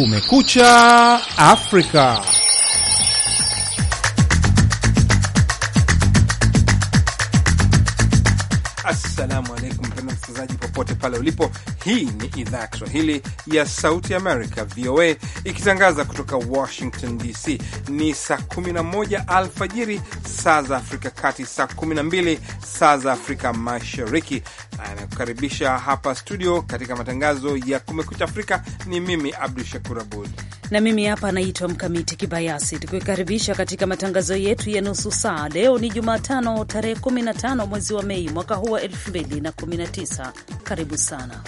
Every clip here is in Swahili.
Kumekucha Afrika. Assalamu alaikum, mpendwa msikilizaji, popote pale ulipo. Hii ni idhaa ya Kiswahili ya Sauti Amerika, VOA, ikitangaza kutoka Washington DC. Ni saa 11 alfajiri saa za Afrika Kati, saa 12 saa za Afrika Mashariki, na hapa studio katika matangazo ya Kumekucha Afrika. Ni mimi Abdu Shakur Abud na mimi hapa naitwa Mkamiti Kibayasi, tukikaribisha katika matangazo yetu ya nusu saa. Leo ni Jumatano, tarehe 15 mwezi wa Mei mwaka huu wa 2019. Karibu sana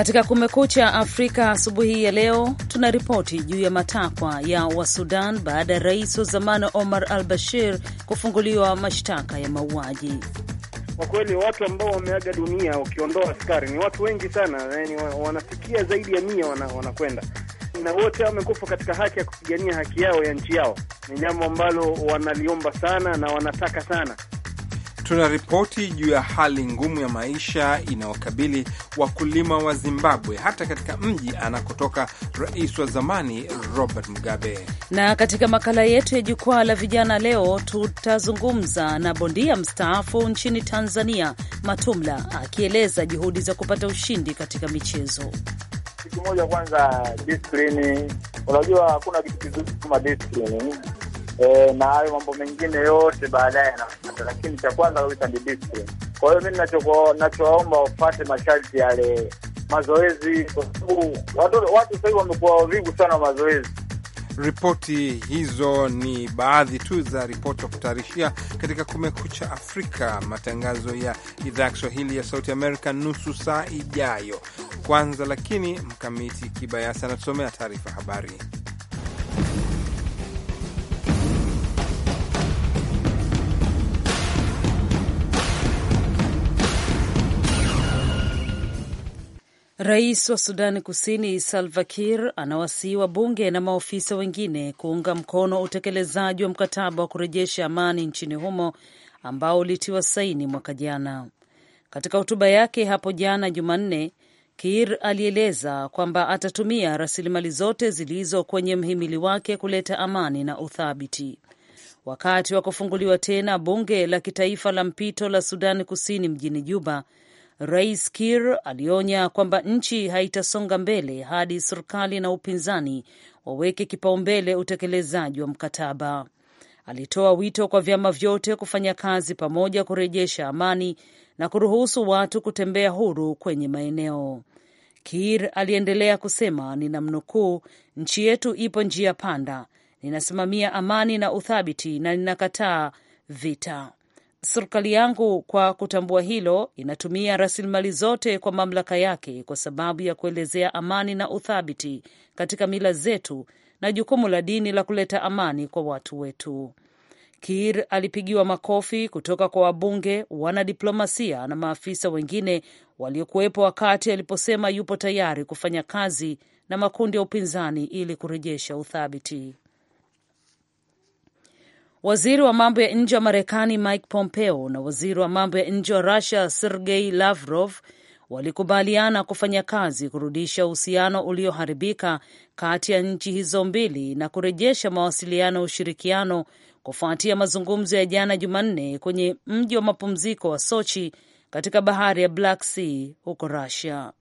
Katika Kumekucha Afrika asubuhi ya leo tuna ripoti juu ya matakwa ya Wasudan baada ya rais wa zamani Omar al Bashir kufunguliwa mashtaka ya mauaji. Kwa kweli watu ambao wameaga dunia wakiondoa askari ni watu wengi sana, yani wanafikia zaidi ya mia wanakwenda na wote wamekufa katika haki ya kupigania haki yao ya nchi yao. Ni jambo ambalo wanaliomba sana na wanataka sana Tuna ripoti juu ya hali ngumu ya maisha inayokabili wakulima wa Zimbabwe, hata katika mji anakotoka rais wa zamani Robert Mugabe. Na katika makala yetu ya jukwaa la vijana leo, tutazungumza na bondia mstaafu nchini Tanzania, Matumla, akieleza juhudi za kupata ushindi katika michezo. Kitu moja kwanza, Unajua hakuna kitu kizuri kama eh, na hayo mambo mengine yote baadaye yanafata, lakini cha kwanza kabisa ni discipline. Kwa hiyo mi nachowaomba wafate masharti yale mazoezi, kwa sababu watu, watu sahivi wamekuwa wavivu sana mazoezi. Ripoti hizo ni baadhi tu za ripoti za kutayarishia katika Kumekucha Afrika, matangazo ya idhaa ya Kiswahili ya Sauti Amerika nusu saa ijayo. Kwanza lakini Mkamiti Kibayasi anatusomea taarifa habari. Rais wa Sudani Kusini Salva Kiir bunge na maofisa wengine kuunga mkono utekelezaji wa mkataba wa kurejesha amani nchini humo ambao ulitiwa saini mwaka jana. Katika hotuba yake hapo jana Jumanne, Kiir alieleza kwamba atatumia rasilimali zote zilizo kwenye mhimili wake kuleta amani na uthabiti. Wakati wa kufunguliwa tena bunge la kitaifa la mpito la Sudani Kusini mjini Juba, Rais Kir alionya kwamba nchi haitasonga mbele hadi serikali na upinzani waweke kipaumbele utekelezaji wa mkataba. Alitoa wito kwa vyama vyote kufanya kazi pamoja kurejesha amani na kuruhusu watu kutembea huru kwenye maeneo. kir aliendelea kusema, ninamnukuu, nchi yetu ipo njia panda, ninasimamia amani na uthabiti na ninakataa vita serikali yangu kwa kutambua hilo inatumia rasilimali zote kwa mamlaka yake kwa sababu ya kuelezea amani na uthabiti katika mila zetu na jukumu la dini la kuleta amani kwa watu wetu. kir alipigiwa makofi kutoka kwa wabunge, wanadiplomasia na maafisa wengine waliokuwepo wakati aliposema yupo tayari kufanya kazi na makundi ya upinzani ili kurejesha uthabiti. Waziri wa mambo ya nje wa Marekani Mike Pompeo na waziri wa mambo ya nje wa Rusia Sergei Lavrov walikubaliana kufanya kazi kurudisha uhusiano ulioharibika kati ya nchi hizo mbili na kurejesha mawasiliano ya ushirikiano kufuatia mazungumzo ya jana Jumanne kwenye mji wa mapumziko wa Sochi katika bahari ya Black Sea huko Rusia.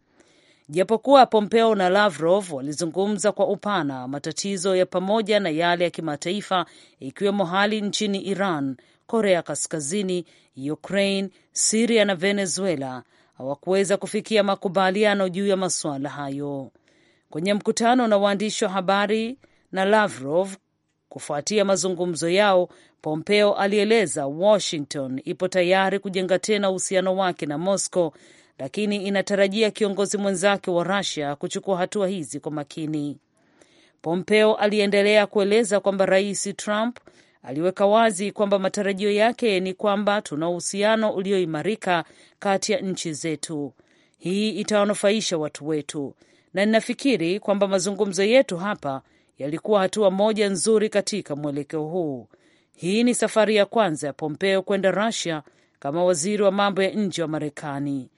Japokuwa Pompeo na Lavrov walizungumza kwa upana matatizo ya pamoja na yale ya kimataifa, ikiwemo hali nchini Iran, Korea Kaskazini, Ukraine, Siria na Venezuela, hawakuweza kufikia makubaliano juu ya masuala hayo. Kwenye mkutano na waandishi wa habari na Lavrov kufuatia mazungumzo yao, Pompeo alieleza Washington ipo tayari kujenga tena uhusiano wake na Moscow lakini inatarajia kiongozi mwenzake wa rasia kuchukua hatua hizi kwa makini. Pompeo aliendelea kueleza kwamba Rais Trump aliweka wazi kwamba matarajio yake ni kwamba tuna uhusiano ulioimarika kati ya nchi zetu. Hii itawanufaisha watu wetu, na ninafikiri kwamba mazungumzo yetu hapa yalikuwa hatua moja nzuri katika mwelekeo huu. Hii ni safari ya kwanza ya Pompeo kwenda Russia kama waziri wa mambo ya nje wa Marekani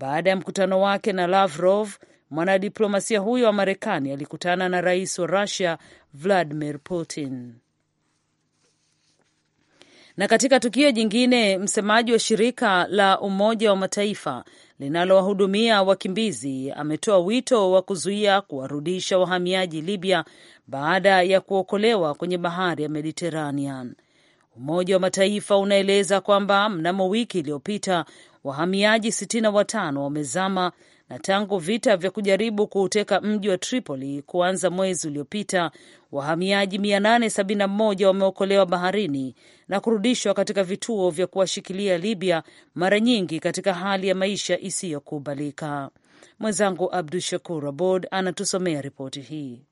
baada ya mkutano wake na Lavrov. Mwanadiplomasia huyo wa Marekani alikutana na rais wa Rusia Vladimir Putin. Na katika tukio jingine, msemaji wa shirika la Umoja wa Mataifa linalowahudumia wakimbizi ametoa wito wa kuzuia kuwarudisha wahamiaji Libya baada ya kuokolewa kwenye bahari ya Mediterranean. Umoja wa Mataifa unaeleza kwamba mnamo wiki iliyopita wahamiaji sitini na watano wamezama na tangu vita vya kujaribu kuuteka mji wa Tripoli kuanza mwezi uliopita, wahamiaji 871 wameokolewa baharini na kurudishwa katika vituo vya kuwashikilia Libya, mara nyingi katika hali ya maisha isiyokubalika. Mwenzangu Abdu Shakur Abod anatusomea ripoti hii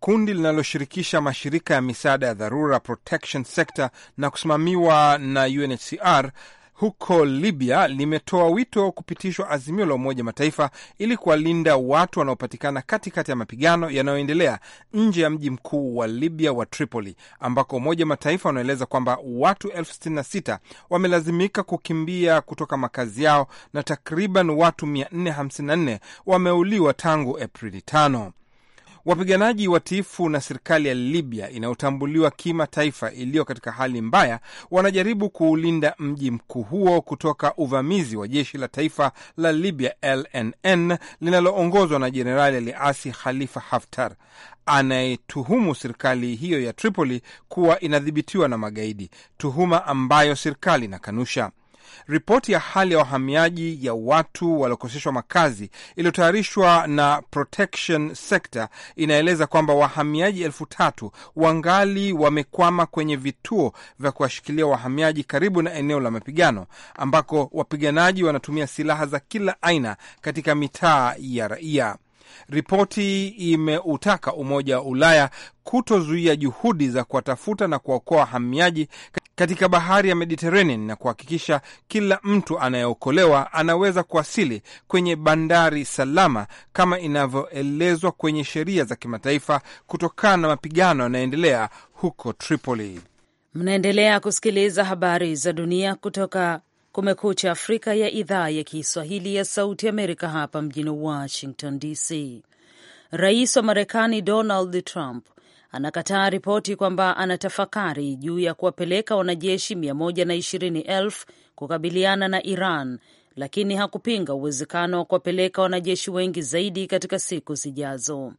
kundi linaloshirikisha mashirika ya misaada ya dharura Protection Sector na kusimamiwa na UNHCR huko Libya limetoa wito kupitishwa azimio la Umoja Mataifa ili kuwalinda watu wanaopatikana katikati ya mapigano yanayoendelea nje ya mji mkuu wa Libya wa Tripoli, ambako Umoja Mataifa wanaeleza kwamba watu elfu sitini na sita wamelazimika kukimbia kutoka makazi yao na takriban watu 454 wameuliwa tangu Aprili tano. Wapiganaji watiifu na serikali ya Libya inayotambuliwa kimataifa iliyo katika hali mbaya wanajaribu kuulinda mji mkuu huo kutoka uvamizi wa jeshi la taifa la Libya LNN linaloongozwa na jenerali aliasi Khalifa Haftar anayetuhumu serikali hiyo ya Tripoli kuwa inadhibitiwa na magaidi, tuhuma ambayo serikali inakanusha. Ripoti ya hali ya wahamiaji ya watu waliokoseshwa makazi iliyotayarishwa na Protection Sector inaeleza kwamba wahamiaji elfu tatu wangali wamekwama kwenye vituo vya kuwashikilia wahamiaji karibu na eneo la mapigano ambako wapiganaji wanatumia silaha za kila aina katika mitaa ya raia. Ripoti imeutaka Umoja wa Ulaya kutozuia juhudi za kuwatafuta na kuwaokoa wahamiaji katika bahari ya Mediterranean na kuhakikisha kila mtu anayeokolewa anaweza kuwasili kwenye bandari salama kama inavyoelezwa kwenye sheria za kimataifa kutokana na mapigano yanayoendelea huko Tripoli. Mnaendelea kusikiliza habari za dunia kutoka Kumekucha Afrika ya idhaa ya Kiswahili ya Sauti Amerika hapa mjini Washington DC. Rais wa Marekani Donald Trump anakataa ripoti kwamba anatafakari juu ya kuwapeleka wanajeshi 120,000 kukabiliana na Iran, lakini hakupinga uwezekano wa kuwapeleka wanajeshi wengi zaidi katika siku zijazo.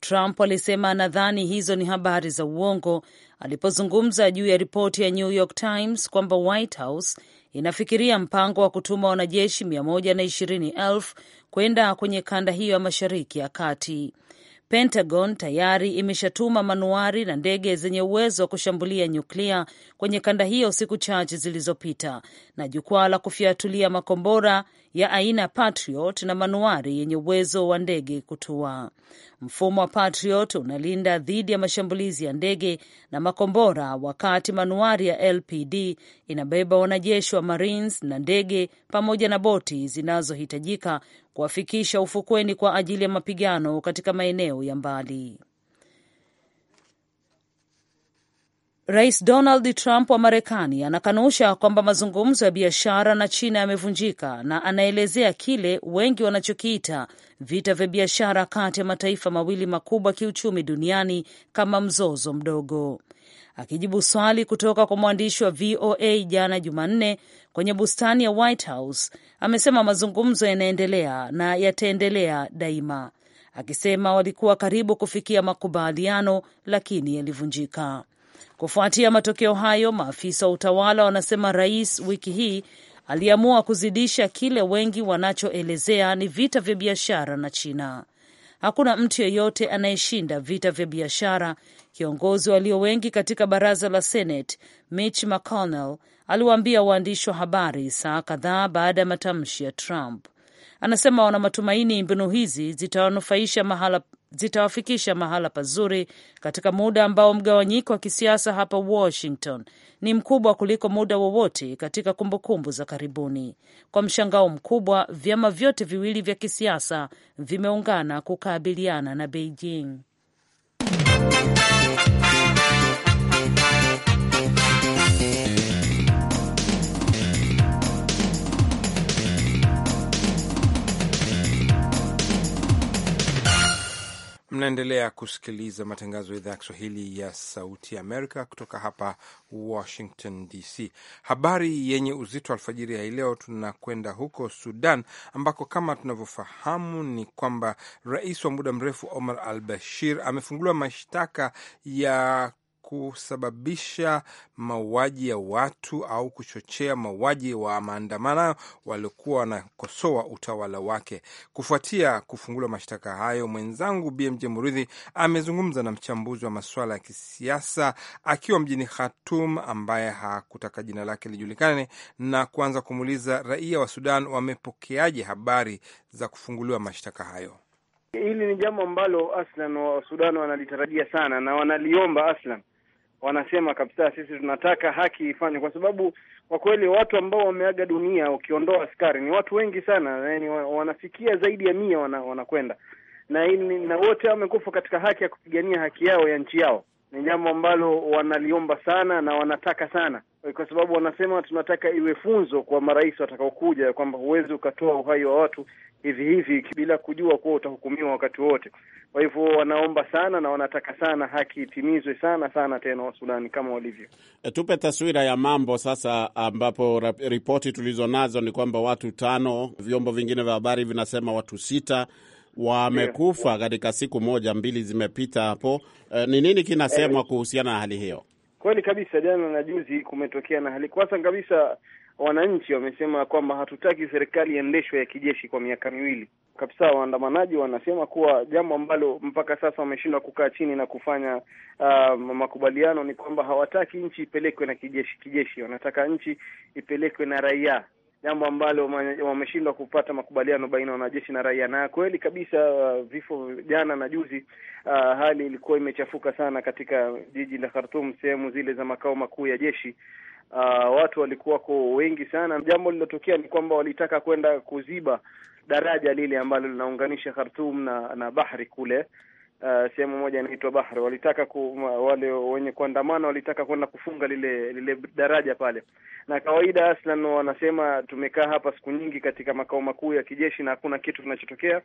Trump alisema anadhani hizo ni habari za uongo alipozungumza juu ya ripoti ya New York Times kwamba White House inafikiria mpango wa kutuma wanajeshi 120,000 kwenda kwenye kanda hiyo ya Mashariki ya Kati. Pentagon tayari imeshatuma manuari na ndege zenye uwezo wa kushambulia nyuklia kwenye kanda hiyo siku chache zilizopita, na jukwaa la kufyatulia makombora ya aina Patriot na manuari yenye uwezo wa ndege kutua. Mfumo wa Patriot unalinda dhidi ya mashambulizi ya ndege na makombora, wakati manuari ya LPD inabeba wanajeshi wa Marines na ndege pamoja na boti zinazohitajika kuwafikisha ufukweni kwa ajili ya mapigano katika maeneo ya mbali. Rais Donald Trump wa Marekani anakanusha kwamba mazungumzo ya biashara na China yamevunjika na anaelezea kile wengi wanachokiita vita vya biashara kati ya mataifa mawili makubwa kiuchumi duniani kama mzozo mdogo. Akijibu swali kutoka kwa mwandishi wa VOA jana Jumanne kwenye bustani ya White House, amesema mazungumzo yanaendelea na yataendelea daima, akisema walikuwa karibu kufikia makubaliano lakini yalivunjika. Kufuatia matokeo hayo, maafisa wa utawala wanasema rais wiki hii aliamua kuzidisha kile wengi wanachoelezea ni vita vya biashara na China. Hakuna mtu yeyote anayeshinda vita vya biashara, kiongozi walio wengi katika baraza la Senate Mitch McConnell aliwaambia waandishi wa habari saa kadhaa baada ya matamshi ya Trump. Anasema wana matumaini mbinu hizi zitawanufaisha mahala zitawafikisha mahala pazuri katika muda ambao mgawanyiko wa kisiasa hapa Washington ni mkubwa kuliko muda wowote katika kumbukumbu za karibuni. Kwa mshangao mkubwa, vyama vyote viwili vya kisiasa vimeungana kukabiliana na Beijing. Mnaendelea kusikiliza matangazo ya idhaa ya Kiswahili ya Sauti Amerika kutoka hapa Washington DC. Habari yenye uzito wa alfajiri ya hii leo, tunakwenda huko Sudan ambako kama tunavyofahamu ni kwamba rais wa muda mrefu Omar al Bashir amefunguliwa mashtaka ya kusababisha mauaji ya watu au kuchochea mauaji wa maandamano waliokuwa wanakosoa utawala wake. Kufuatia kufunguliwa mashtaka hayo, mwenzangu BMJ Muridhi amezungumza na mchambuzi wa masuala ya kisiasa akiwa mjini Khartoum, ambaye hakutaka jina lake lijulikane, na kuanza kumuuliza raia wa Sudan wamepokeaje habari za kufunguliwa mashtaka hayo. Hili ni jambo ambalo aslan wa Sudan wanalitarajia sana na wanaliomba aslan wanasema kabisa, sisi tunataka haki ifanywe, kwa sababu kwa kweli watu ambao wameaga dunia ukiondoa askari ni watu wengi sana, yani wanafikia zaidi ya mia wanakwenda wana na, na wote wamekufa katika haki ya kupigania haki yao ya nchi yao ni jambo ambalo wanaliomba sana na wanataka sana, kwa sababu wanasema tunataka iwe funzo kwa marais watakaokuja, kwamba huwezi ukatoa uhai wa watu hivi hivi bila kujua kuwa utahukumiwa wakati wote. Kwa hivyo wanaomba sana na wanataka sana haki itimizwe sana sana tena wasudani kama walivyo. E, tupe taswira ya mambo sasa, ambapo ripoti tulizonazo ni kwamba watu tano, vyombo vingine vya habari vinasema watu sita wamekufa katika siku moja mbili zimepita hapo. Eh, ni nini kinasemwa eh. kuhusiana na hali hiyo? Kweli kabisa, jana na juzi kumetokea na hali. Kwanza kabisa, wananchi wamesema kwamba hatutaki serikali iendeshwe ya kijeshi kwa miaka miwili kabisa. Waandamanaji wanasema kuwa jambo ambalo mpaka sasa wameshindwa kukaa chini na kufanya uh, makubaliano ni kwamba hawataki nchi ipelekwe na kijeshi kijeshi, wanataka nchi ipelekwe na raia jambo ambalo wameshindwa kupata makubaliano baina ya wanajeshi na raia. Na kweli kabisa, uh, vifo jana na juzi, uh, hali ilikuwa imechafuka sana katika jiji la Khartoum, sehemu zile za makao makuu ya jeshi. Uh, watu walikuwako wengi sana. Jambo lililotokea ni kwamba walitaka kwenda kuziba daraja lile ambalo linaunganisha Khartoum na, na bahari kule uh, sehemu moja inaitwa Bahari, walitaka ku, wale wenye kuandamana walitaka kwenda kufunga lile lile daraja pale. Na kawaida aslan wanasema tumekaa hapa siku nyingi katika makao makuu ya kijeshi na hakuna kitu kinachotokea.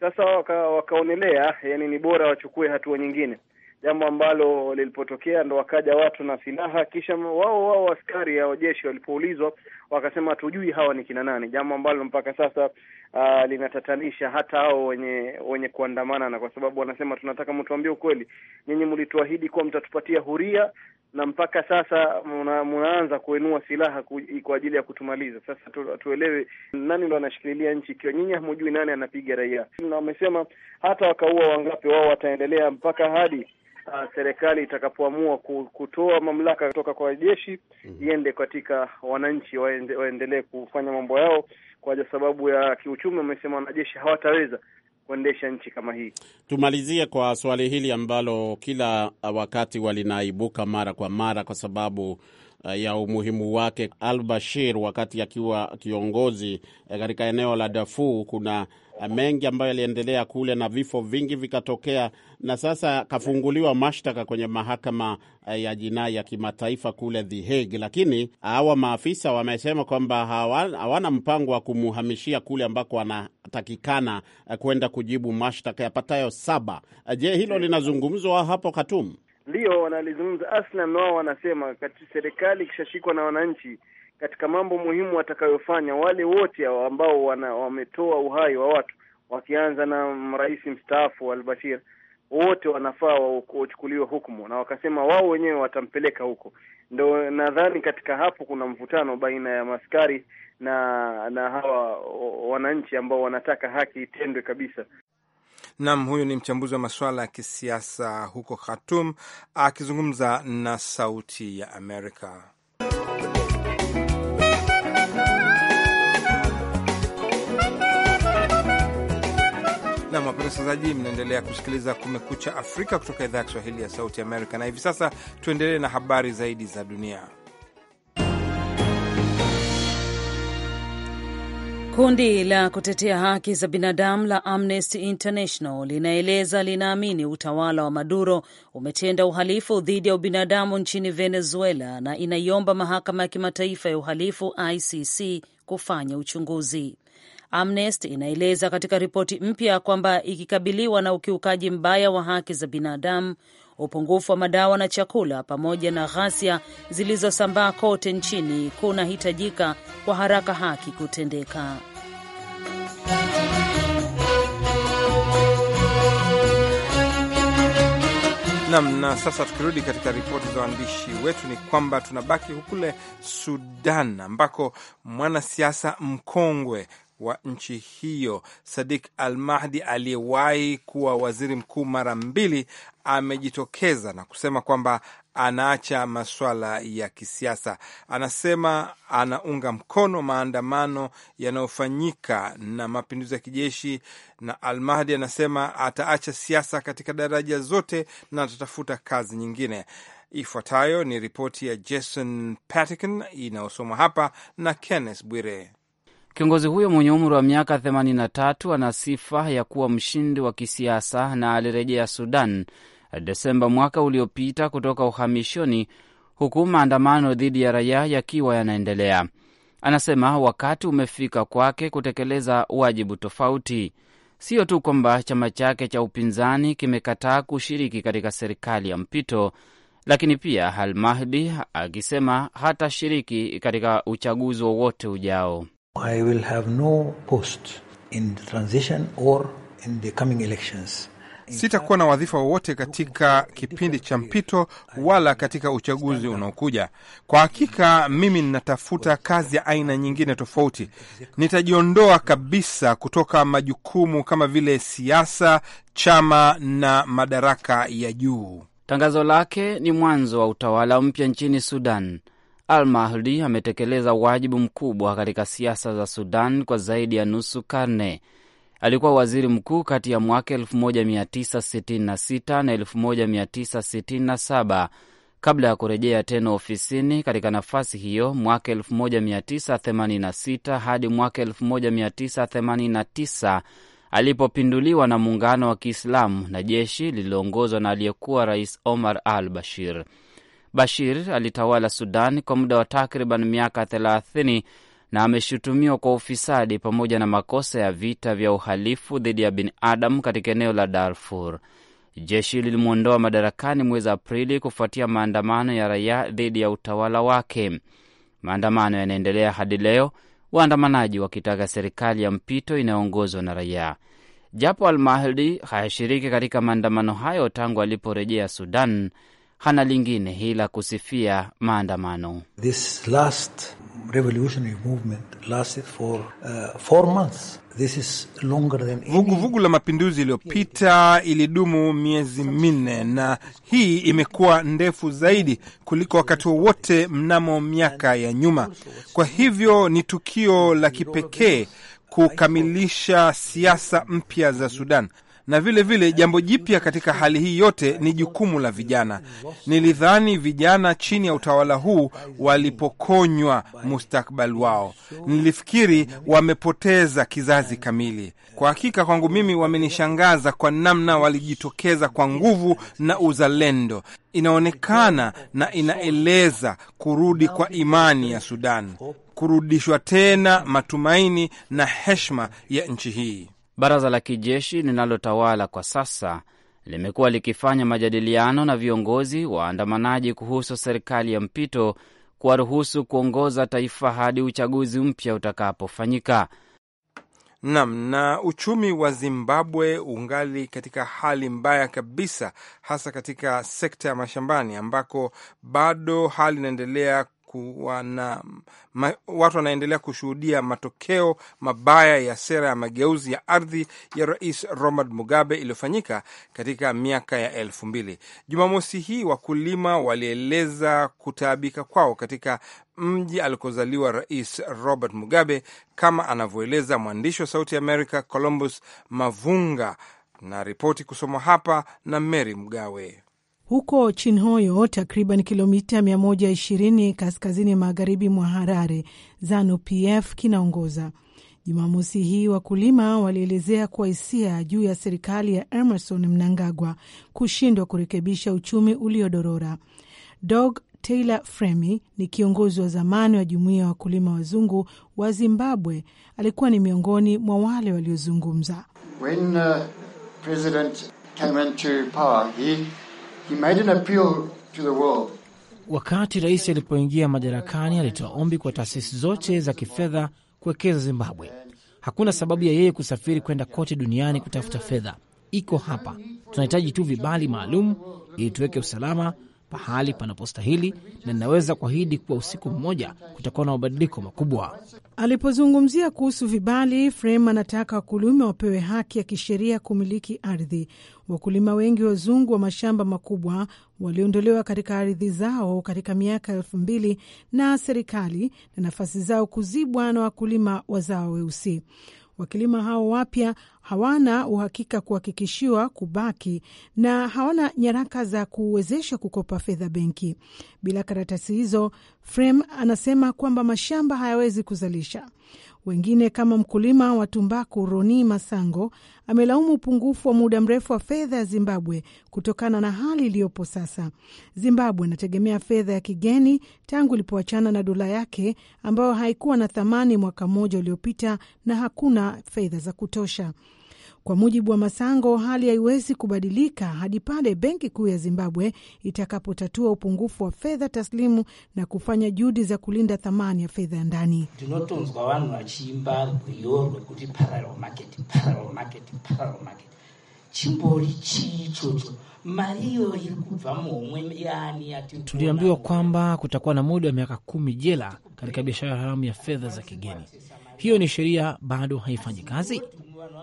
Sasa waka, wakaonelea yani ni bora wachukue hatua nyingine, jambo ambalo lilipotokea ndo wakaja watu na silaha, kisha wao wao askari ya jeshi walipoulizwa wakasema hatujui hawa ni kina nani, jambo ambalo mpaka sasa uh, linatatanisha hata hao wenye wenye kuandamana, na kwa sababu wanasema tunataka mtuambie ukweli, nyinyi mlituahidi kuwa mtatupatia huria na mpaka sasa mnaanza munaanza silaha ku, kwa ajili ya kutumaliza. Sasa tu, tuelewe nani ndo anashikililia nchi ikiwa nyinyi hamujui nani anapiga raia. Na wamesema hata wakaua wangapi, wao wataendelea mpaka hadi Uh, serikali itakapoamua kutoa mamlaka kutoka kwa jeshi mhm. iende katika wananchi, waendelee kufanya mambo yao kwa sababu ya kiuchumi, wamesema wanajeshi hawataweza kuendesha nchi kama hii. Tumalizie kwa swali hili ambalo kila wakati walinaibuka mara kwa mara, kwa sababu Eh, ya umuhimu wake al-Bashir wakati akiwa kiongozi eh, katika eneo la Darfur. Kuna eh, mengi ambayo yaliendelea kule na vifo vingi vikatokea, na sasa kafunguliwa mashtaka kwenye mahakama ya jinai ya kimataifa kule The Hague, lakini hawa maafisa wamesema kwamba hawana mpango wa kumhamishia kule ambako anatakikana kwenda kujibu mashtaka yapatayo saba. Je, hilo linazungumzwa hapo Katumu? ndio wanalizungumza. Aslan wao wanasema kati serikali ikishashikwa na wananchi katika mambo muhimu watakayofanya, wale wote ambao wana, wametoa uhai wa watu wakianza na rais mstaafu al bashir wote wanafaa wachukuliwe hukumu, na wakasema wao wenyewe watampeleka huko. Ndo nadhani katika hapo kuna mvutano baina ya maskari na na hawa wananchi ambao wanataka haki itendwe kabisa. Nam, huyu ni mchambuzi wa masuala ya kisiasa huko khatum akizungumza na Sauti ya Amerika. Nam, wasikilizaji, mnaendelea kusikiliza Kumekucha Afrika kutoka idhaa ya Kiswahili ya Sauti Amerika, na hivi sasa tuendelee na habari zaidi za dunia. Kundi la kutetea haki za binadamu la Amnesty International linaeleza linaamini utawala wa Maduro umetenda uhalifu dhidi ya ubinadamu nchini Venezuela na inaiomba mahakama ya kimataifa ya uhalifu ICC kufanya uchunguzi. Amnesty inaeleza katika ripoti mpya kwamba ikikabiliwa na ukiukaji mbaya wa haki za binadamu, upungufu wa madawa na chakula, pamoja na ghasia zilizosambaa kote nchini, kunahitajika kwa haraka haki kutendeka. Nam na sasa, tukirudi katika ripoti za waandishi wetu, ni kwamba tunabaki kule Sudan ambako mwanasiasa mkongwe wa nchi hiyo Sadik Al Mahdi aliyewahi kuwa waziri mkuu mara mbili amejitokeza na kusema kwamba anaacha masuala ya kisiasa. Anasema anaunga mkono maandamano yanayofanyika na mapinduzi ya kijeshi, na Al Mahdi anasema ataacha siasa katika daraja zote na atatafuta kazi nyingine. Ifuatayo ni ripoti ya Jason patikan inayosomwa hapa na Kenneth Bwire. Kiongozi huyo mwenye umri wa miaka 83 ana sifa ya kuwa mshindi wa kisiasa na alirejea Sudan Desemba mwaka uliopita kutoka uhamishoni, huku maandamano dhidi ya raia yakiwa yanaendelea. Anasema wakati umefika kwake kutekeleza wajibu tofauti. Sio tu kwamba chama chake cha upinzani kimekataa kushiriki katika serikali ya mpito, lakini pia Al Mahdi akisema hatashiriki katika uchaguzi wowote ujao. I will have no post in the transition or in the coming elections. Sitakuwa na wadhifa wowote katika kipindi cha mpito wala katika uchaguzi unaokuja. Kwa hakika, mimi ninatafuta kazi ya aina nyingine tofauti. Nitajiondoa kabisa kutoka majukumu kama vile siasa, chama na madaraka ya juu. Tangazo lake ni mwanzo wa utawala mpya nchini Sudan. Al Mahdi ametekeleza wajibu mkubwa katika siasa za Sudan kwa zaidi ya nusu karne. Alikuwa waziri mkuu kati ya mwaka 1966 na 1967 kabla ya kurejea tena ofisini katika nafasi hiyo mwaka 1986 hadi mwaka 1989 alipopinduliwa na muungano wa Kiislamu na jeshi lililoongozwa na aliyekuwa rais Omar al Bashir. Bashir alitawala Sudan kwa muda wa takriban miaka 30 na ameshutumiwa kwa ufisadi pamoja na makosa ya vita vya uhalifu dhidi ya binadamu katika eneo la Darfur. Jeshi lilimwondoa madarakani mwezi Aprili kufuatia maandamano ya raia dhidi ya utawala wake. Maandamano yanaendelea hadi leo, waandamanaji wakitaka serikali ya mpito inayoongozwa na raia. Japo Al Mahdi hayashiriki katika maandamano hayo tangu aliporejea Sudan, hana lingine ila kusifia maandamano. This last revolutionary movement lasted for uh, four months. Vuguvugu la mapinduzi iliyopita ilidumu miezi minne na hii imekuwa ndefu zaidi kuliko wakati wowote mnamo miaka ya nyuma. Kwa hivyo ni tukio la kipekee kukamilisha siasa mpya za Sudan na vile vile jambo jipya katika hali hii yote ni jukumu la vijana. Nilidhani vijana chini ya utawala huu walipokonywa mustakbali wao, nilifikiri wamepoteza kizazi kamili. Kwa hakika kwangu mimi wamenishangaza kwa namna walijitokeza kwa nguvu na uzalendo, inaonekana na inaeleza kurudi kwa imani ya Sudan, kurudishwa tena matumaini na heshima ya nchi hii. Baraza la kijeshi linalotawala kwa sasa limekuwa likifanya majadiliano na viongozi waandamanaji kuhusu serikali ya mpito kuwaruhusu kuongoza taifa hadi uchaguzi mpya utakapofanyika. Nam na uchumi wa Zimbabwe ungali katika hali mbaya kabisa, hasa katika sekta ya mashambani ambako bado hali inaendelea kuwana, ma, watu wanaendelea kushuhudia matokeo mabaya ya sera ya mageuzi ya ardhi ya Rais Robert Mugabe iliyofanyika katika miaka ya elfu mbili. Jumamosi hii wakulima walieleza kutaabika kwao katika mji alikozaliwa Rais Robert Mugabe, kama anavyoeleza mwandishi wa Sauti ya Amerika Columbus Mavunga, na ripoti kusomwa hapa na Mary Mgawe huko Chinhoyo, takriban kilomita 120 kaskazini magharibi mwa Harare. ZANU PF kinaongoza. Jumamosi hii wakulima walielezea kuwa hisia juu ya serikali ya Emerson Mnangagwa kushindwa kurekebisha uchumi uliodorora. Dog Taylor Fremi ni kiongozi wa zamani wa jumuiya ya wakulima wazungu wa Zimbabwe. Alikuwa ni miongoni mwa wale waliozungumza. When, uh, President came into power, he appeal to the world. Wakati rais alipoingia madarakani, alitoa ombi kwa taasisi zote za kifedha kuwekeza Zimbabwe. Hakuna sababu ya yeye kusafiri kwenda kote duniani kutafuta fedha, iko hapa. Tunahitaji tu vibali maalum ili tuweke usalama pahali panapostahili, na ninaweza kuahidi kuwa usiku mmoja kutakuwa na mabadiliko makubwa. Alipozungumzia kuhusu vibali, Frem anataka wakulima wapewe haki ya kisheria kumiliki ardhi. Wakulima wengi wazungu wa mashamba makubwa waliondolewa katika ardhi zao katika miaka elfu mbili na serikali na nafasi zao kuzibwa na wakulima wazao weusi. Wakulima hao wapya hawana uhakika kuhakikishiwa kubaki na hawana nyaraka za kuwezesha kukopa fedha benki. Bila karatasi hizo, Frem anasema kwamba mashamba hayawezi kuzalisha. Wengine kama mkulima wa tumbaku Roni Masango amelaumu upungufu wa muda mrefu wa fedha ya Zimbabwe kutokana na hali iliyopo sasa. Zimbabwe inategemea fedha ya kigeni tangu ilipoachana na dola yake ambayo haikuwa na thamani mwaka mmoja uliopita, na hakuna fedha za kutosha. Kwa mujibu wa Masango, hali haiwezi kubadilika hadi pale Benki Kuu ya Zimbabwe itakapotatua upungufu wa fedha taslimu na kufanya juhudi za kulinda thamani ya fedha ya ndani. ndinotonzwa vanhu vachiimba rwiyo rwekuti parallel market parallel market parallel market chimbori chii ichocho mari iyo iri kubva muhomwe yani yati. Tuliambiwa kwamba kutakuwa na muda wa miaka kumi jela katika biashara haramu ya fedha za kigeni hiyo ni sheria bado haifanyi kazi.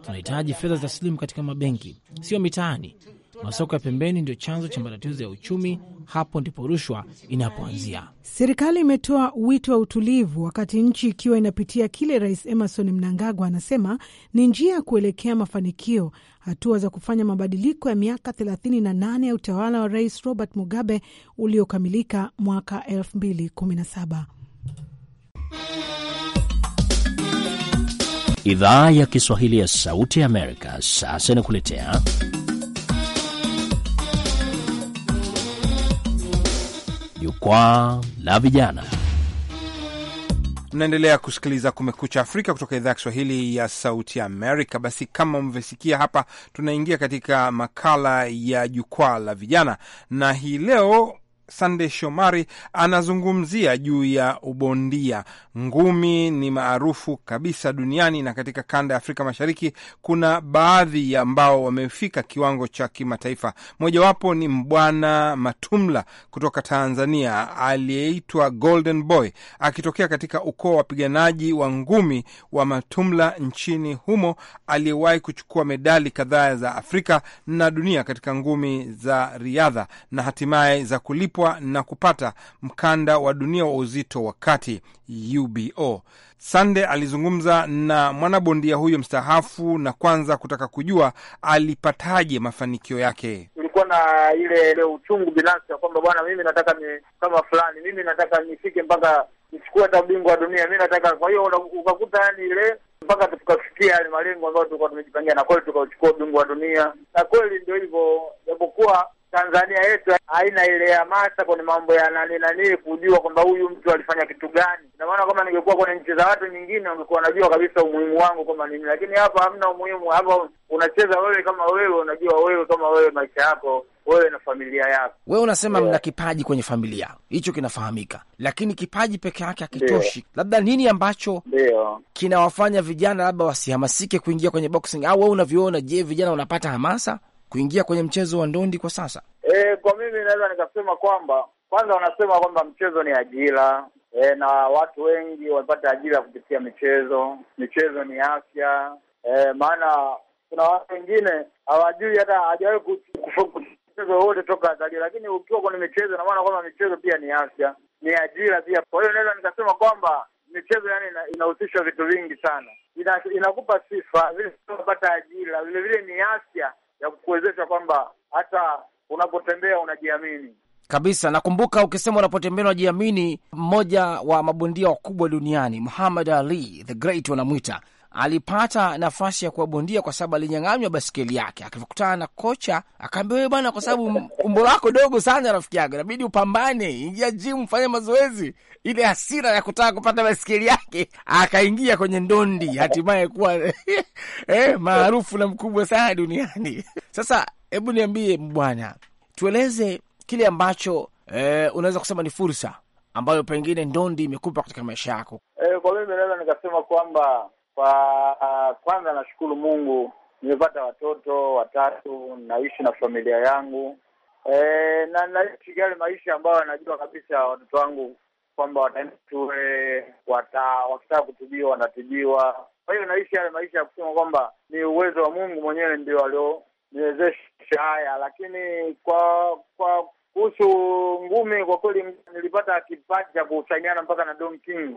Tunahitaji fedha taslimu katika mabenki, sio mitaani. Masoko ya pembeni ndio chanzo cha matatizo ya uchumi. Hapo ndipo rushwa inapoanzia. Serikali imetoa wito wa utulivu, wakati nchi ikiwa inapitia kile Rais Emerson Mnangagwa anasema ni njia ya kuelekea mafanikio, hatua za kufanya mabadiliko ya miaka 38 ya utawala wa Rais Robert Mugabe uliokamilika mwaka 2017. Idhaa ya Kiswahili ya Sauti ya Amerika sasa inakuletea Jukwaa la Vijana. Mnaendelea kusikiliza Kumekucha Afrika kutoka idhaa ya Kiswahili ya Sauti Amerika. Basi kama mvesikia hapa, tunaingia katika makala ya Jukwaa la Vijana na hii leo Sandey Shomari anazungumzia juu ya ubondia. Ngumi ni maarufu kabisa duniani na katika kanda ya Afrika Mashariki kuna baadhi ya ambao wamefika kiwango cha kimataifa. Mojawapo ni Mbwana Matumla kutoka Tanzania aliyeitwa Golden Boy, akitokea katika ukoo wa wapiganaji wa ngumi wa Matumla nchini humo, aliyewahi kuchukua medali kadhaa za Afrika na dunia katika ngumi za riadha na hatimaye za kulipwa kuwekwa na kupata mkanda wa dunia wa uzito wa kati UBO. Sande alizungumza na mwanabondia huyo mstaafu na kwanza kutaka kujua alipataje mafanikio yake. Ulikuwa na ile, ile uchungu binafsi ya kwamba bwana, mimi nataka ni kama fulani, mimi nataka nifike mpaka nichukue hata ubingwa wa dunia, mi nataka. Kwa hiyo ukakuta yani ile mpaka tukafikia yale malengo ambayo tulikuwa tumejipangia, na kweli tukauchukua ubingwa wa dunia, na kweli ndio hivyo, japokuwa Tanzania yetu haina ile hamasa kwenye mambo ya nani nani, kujua kwamba huyu mtu alifanya kitu gani. Ina maana kama ningekuwa kwenye nchi za watu nyingine, ungekuwa unajua kabisa umuhimu wangu kama nini, lakini hapa hamna umuhimu. Hapa unacheza wewe kama wewe, unajua wewe kama wewe, maisha yako wewe na familia yako. Wewe unasema yeah, mna kipaji kwenye familia, hicho kinafahamika, lakini kipaji peke yake hakitoshi. Yeah. Labda nini ambacho yeah, kinawafanya vijana labda wasihamasike kuingia kwenye boxing, au wewe unaviona? Je, vijana wanapata hamasa? kuingia kwenye mchezo wa ndondi kwa sasa? E, kwa mimi naweza nikasema kwamba kwanza wanasema kwamba mchezo ni ajira e, na watu wengi wamepata ajira kupitia michezo. Michezo ni afya e, maana kuna watu wengine hawajui hata hawajawahi mchezo wote toka azali, lakini ukiwa kwenye michezo na maana kwamba michezo pia ni afya, ni ajira pia. Kwa hiyo naweza nikasema kwamba michezo yani inahusisha vitu vingi sana, ina, inakupa sifa vile, unapata ajira vilevile, ni afya ya kukuwezesha kwamba hata unapotembea unajiamini kabisa. Nakumbuka ukisema unapotembea unajiamini, mmoja wa mabondia wakubwa duniani Muhammad Ali the Great wanamwita alipata nafasi ya kuwabondia kwa sababu alinyang'anywa baskeli yake. Akivyokutana na kocha, akaambia wewe bwana, kwa sababu um-, umbo lako dogo sana rafiki yako, inabidi upambane, ingia jim, fanya mazoezi. Ile hasira ya kutaka kupata baskeli yake, akaingia kwenye ndondi, hatimaye kuwa eh, maarufu na mkubwa sana duniani. Sasa hebu niambie bwana, tueleze kile ambacho eh, unaweza kusema ni fursa ambayo pengine ndondi imekupa katika maisha yako. Eh, kwa mimi naweza nikasema kwamba kwa uh, kwanza nashukuru Mungu nimepata watoto watatu, naishi na familia yangu e, na naishi yale maisha ambayo anajua kabisa watoto wangu kwamba wataenda shule, wakitaka kutibiwa wanatibiwa. Kwa hiyo naishi yale maisha ya kusema kwamba ni uwezo wa Mungu mwenyewe ndio alioniwezesha haya, lakini kwa kwa kuhusu ngumi, kwa kweli nilipata kipaji cha kusaidiana mpaka na Don King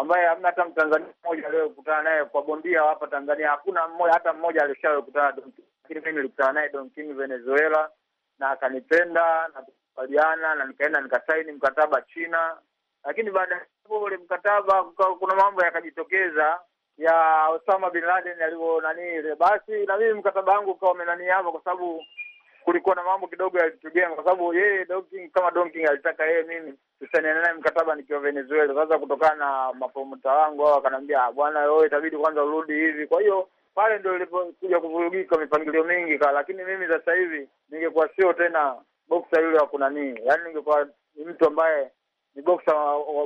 ambaye hamna hata Mtanzania mmoja aliyokutana naye kwa bondia hapa Tanzania, hakuna mmoja hata mmoja alishawahi kukutana Don King, lakini mimi nilikutana naye Don King Venezuela na akanipenda na kukubaliana na nikaenda nikasaini mkataba China, lakini baada ya hapo ule mkataba kuna mambo yakajitokeza ya Osama bin Laden alivyo nani ile, basi na mimi mkataba wangu ukawa umenani hapo, kwa sababu kulikuwa na mambo kidogo yalitugea, kwa sababu yeye Donking kama Donking alitaka yeye mimi tusainiane naye mkataba nikiwa Venezuela. Sasa kutokana na mapromota wangu hao akanambia, ah, bwana wewe, itabidi kwanza urudi hivi. Kwa hiyo pale ndio ilipokuja kuvurugika mipangilio mingi ka, lakini mimi sasa hivi ningekuwa sio tena boksa yule wa kunanii, yaani ningekuwa ni mtu ambaye ni boksa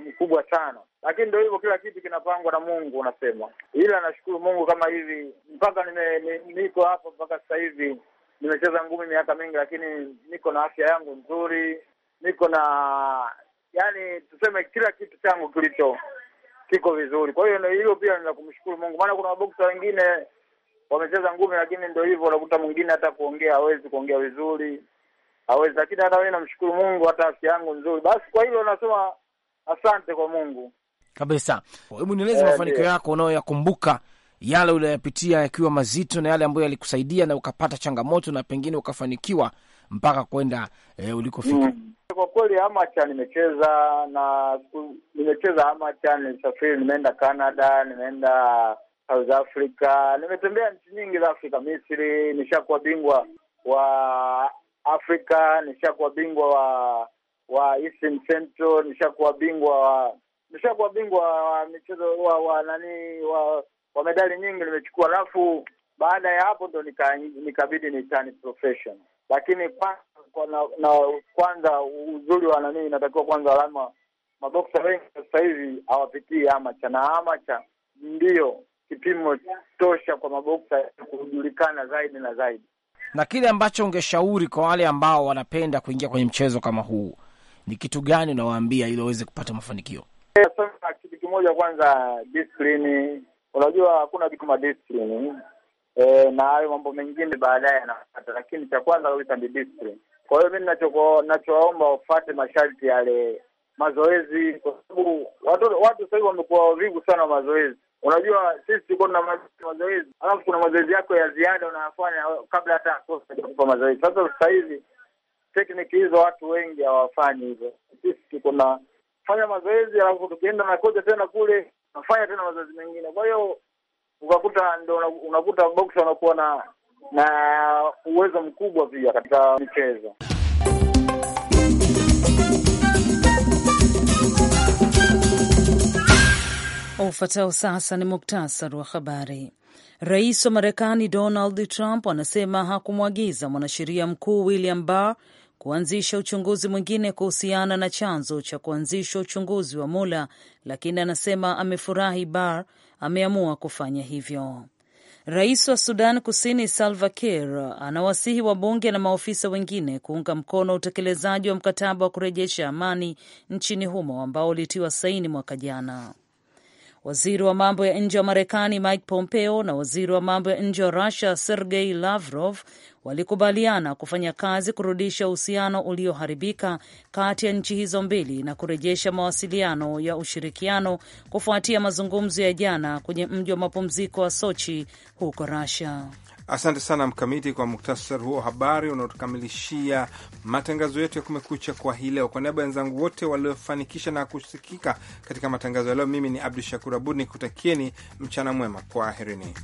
mkubwa sana, lakini ndio hivyo, kila kitu kinapangwa na Mungu unasema. Ila nashukuru Mungu kama hivi mpaka nime- niko hapa mpaka sasa hivi nimecheza ngumi miaka mingi, lakini niko na afya yangu nzuri, niko na yani, tuseme kila kitu changu kilicho kiko vizuri. Kwa hiyo hilo pia ni la kumshukuru Mungu, maana kuna maboksa wengine wamecheza ngumi, lakini ndio hivyo, unakuta mwingine hata kuongea hawezi kuongea vizuri, hawezi. Lakini hata mimi namshukuru Mungu, hata afya yangu nzuri. Basi kwa hilo nasema asante kwa Mungu kabisa. Hebu nieleze eh, mafanikio yako unayoyakumbuka yale uliyoyapitia yakiwa mazito na yale ambayo yalikusaidia na ukapata changamoto na pengine ukafanikiwa mpaka kwenda e, ulikofika? Mm. Kwa kweli amacha nimecheza na nimecheza amacha, nilisafiri, nimeenda Canada, nimeenda South Africa, nimetembea nchi nyingi za Afrika, Misri, nishakuwa bingwa wa Afrika, nishakuwa bingwa wa wa Eastern Central, nishakuwa bingwa wa nishakuwa bingwa wa michezo wa, wa nani wa kwa medali nyingi nimechukua, alafu baada ya hapo ndo nikabidi ni nitani profession, lakini kwanza kwa na, na kwanza uzuri wa nanii inatakiwa kwanza alama. Maboksa wengi sasa hivi hawapitii amacha na amacha ndio kipimo tosha kwa maboksa kujulikana zaidi na zaidi. Na kile ambacho ungeshauri kwa wale ambao wanapenda kuingia kwenye mchezo kama huu ni kitu gani unawaambia ili waweze kupata mafanikio? Eh, sasa kitu kimoja kwanza, discipline Unajua hakuna kitu madiscipline e, eh, na hayo mambo mengine baadaye yanapata, lakini cha kwanza kabisa ni discipline. Kwa hiyo mimi ninachowaomba wafate masharti yale mazoezi, kwa sababu watu watu sasa hivi wamekuwa wavivu sana mazoezi. Unajua sisi tuko na mazoezi, alafu kuna mazoezi yako ya ziada unayofanya kabla hata kwa mazoezi. Sasa sasa hivi tekniki hizo watu wengi hawafanyi hivyo. Sisi tuko na fanya mazoezi, alafu tukienda na kocha tena kule nafanya tena mazoezi mengine. Kwa hiyo ukakuta ndo unakuta boxer unakuwa na na uwezo mkubwa pia katika michezo. Ufuatao sasa ni muktasari wa habari. Rais wa Marekani Donald Trump anasema hakumwagiza mwanasheria mkuu William Barr kuanzisha uchunguzi mwingine kuhusiana na chanzo cha kuanzishwa uchunguzi wa mula lakini anasema amefurahi bar ameamua kufanya hivyo. Rais wa Sudan Kusini Salva Kiir anawasihi wabunge na maofisa wengine kuunga mkono utekelezaji wa mkataba wa kurejesha amani nchini humo ambao ulitiwa saini mwaka jana. Waziri wa mambo ya nje wa Marekani Mike Pompeo na waziri wa mambo ya nje wa Rusia Sergei Lavrov walikubaliana kufanya kazi kurudisha uhusiano ulioharibika kati ya nchi hizo mbili na kurejesha mawasiliano ya ushirikiano kufuatia mazungumzo ya jana kwenye mji wa mapumziko wa Sochi huko Rusia. Asante sana Mkamiti kwa muktasar huo habari unaotukamilishia matangazo yetu ya Kumekucha kwa hii leo. Kwa niaba ya wenzangu wote waliofanikisha na kusikika katika matangazo ya leo, mimi ni Abdu Shakur Abud kutakieni mchana mwema, kwaherini.